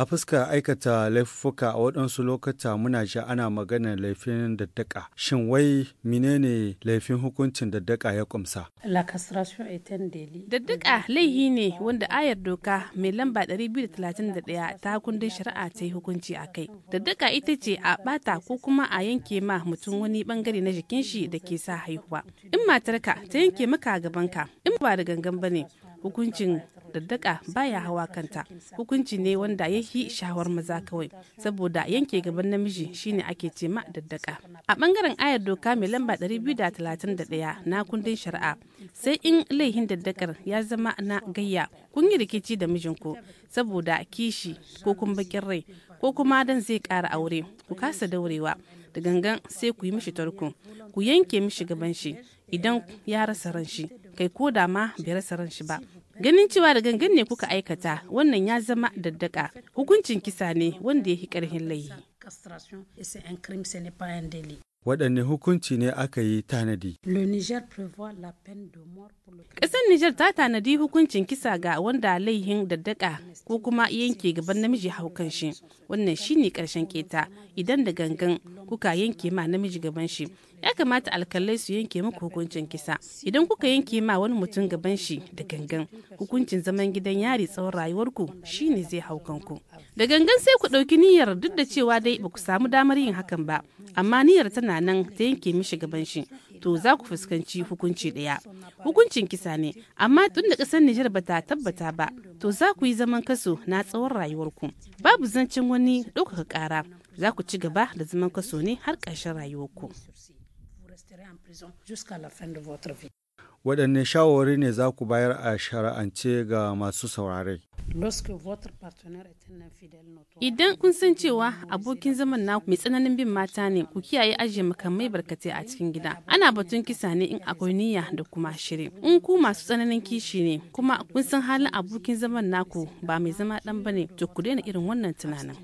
A fuska aikata laifuka a waɗansu lokata muna ji ana maganar laifin daddaka. Shin wai menene laifin hukuncin daddaka ya kumsa? Daddaka laihi ne wanda ayar doka mai lamba 231 ta kundin shari'a ta yi hukunci a kai. Daddaka ita ce a ɓata ko kuma a yanke ma mutum wani bangare na jikin shi da ke sa haihuwa. In matarka ta yanke maka gaban ka in ba da gangan ba ne hukuncin daddaka baya hawa kanta hukunci ne wanda ya yi shawar maza kawai saboda yanke gaban namiji shine ake ce ma daddaka a bangaren ayar doka mai lamba 231 na kundin shari'a sai in laihin daddakar ya zama na gayya kun yi rikici da mijinku saboda kishi ko kun bakin rai ko kuma dan zai kara aure ku kasa daurewa da gangan sai ku yi mishi tarko ku yanke mishi gaban shi idan ya rasa ran shi kai ko da ma bai rasa ran shi ba ganin cewa da gangan ne kuka aikata wannan ya zama daddaka hukuncin kisa ne wanda ya fi karhin laifi waɗanne hukunci ne aka yi tanadi. Ƙasar Nijar ta tanadi hukuncin kisa ga wanda laihin daddaka ko kuma yanke gaban namiji haukan shi. Wannan shi ne ƙarshen keta idan da gangan kuka yanke ma namiji gaban shi. Ya kamata alkalai su yanke muku hukuncin kisa. Idan kuka yanke ma wani mutum gaban shi da gangan hukuncin zaman gidan yari tsawon rayuwarku shi ne zai haukan ku. Da gangan sai ku ɗauki niyyar duk da cewa dai ba ku samu damar yin hakan ba. Amma niyyar tana na nan ta yanke mishi gaban shi to za ku fuskanci hukunci ɗaya hukuncin kisa ne amma tun da ƙasar Nijar bata tabbata ba to za ku yi zaman kaso na tsawon rayuwarku babu zancen wani ɗaukaka ƙara za ku ci gaba da zaman kaso ne har ƙarshen rayuwarku. waɗanne shawarwari ne za ku bayar a shara'ance ga masu saurare Idan kun san cewa abokin zaman na mai tsananin bin mata ne ku kiyaye ajiye makamai barkatai a cikin gida. Ana batun kisa ne in akwai niyya da kuma shiri. In ku masu tsananin kishi ne kuma kun san halin abokin zaman naku ba mai zama dan bane to ku daina irin wannan tunanin.